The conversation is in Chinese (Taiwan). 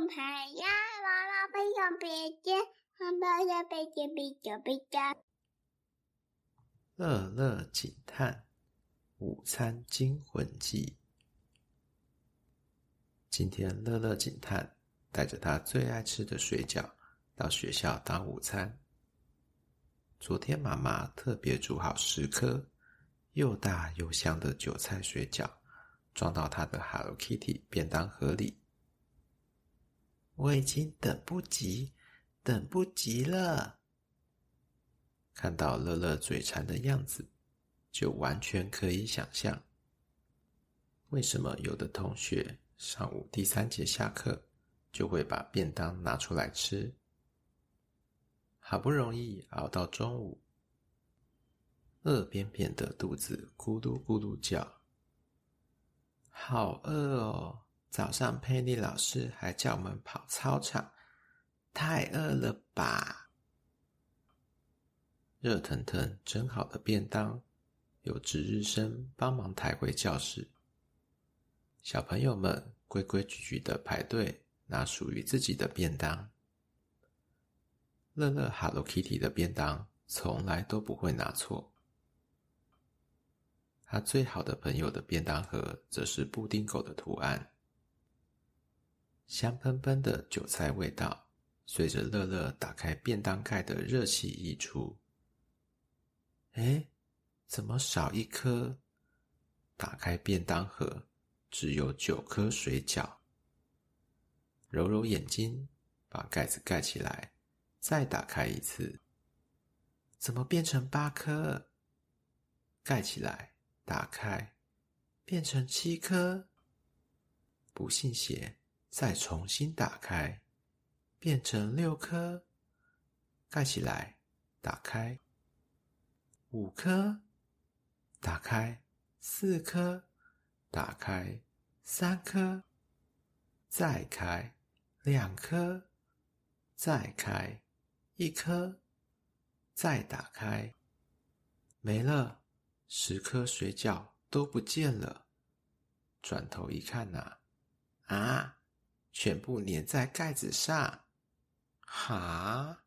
樂樂警探，午餐驚魂記。今天樂樂警探帶着她最愛吃的水餃到學校當午餐。昨天媽媽特別煮好十顆又大又香的韭菜水餃，裝到她的 Hello Kitty 便當盒裡。我已經等不及，等不及了。看到樂樂嘴饞的樣子，就完全可以想象，為什麼有的同學上午第三節下課就會把便當拿出來吃。好不容易熬到中午，餓扁扁的肚子咕嚕咕嚕叫。好餓哦。早上，佩妮老師還叫我們跑操場。太餓了吧？熱騰騰蒸好的便當，有值日生幫忙抬回教室。小朋友們規規矩矩的排隊拿屬於自己的便當。樂樂 Hello Kitty 的便當從來都不會拿錯。他最好的朋友的便當盒則是布丁狗的圖案。香噴噴的韭菜味道，隨着樂樂打開便當蓋的熱氣溢出。哎、欸，怎麼少一顆？打開便當盒，只有九顆水餃。揉揉眼睛，把蓋子蓋起來，再打開一次，怎麼變成八顆？蓋起來，打開，變成七顆。不信邪。再重新打開，變成六顆，蓋起來，打開，五顆，打開，四顆，打開，三顆，再開，兩顆，再開，一顆，再打開，沒了，十顆水餃都不見了。轉頭一看，啊，吶，啊！全部粘在蓋子上，哈。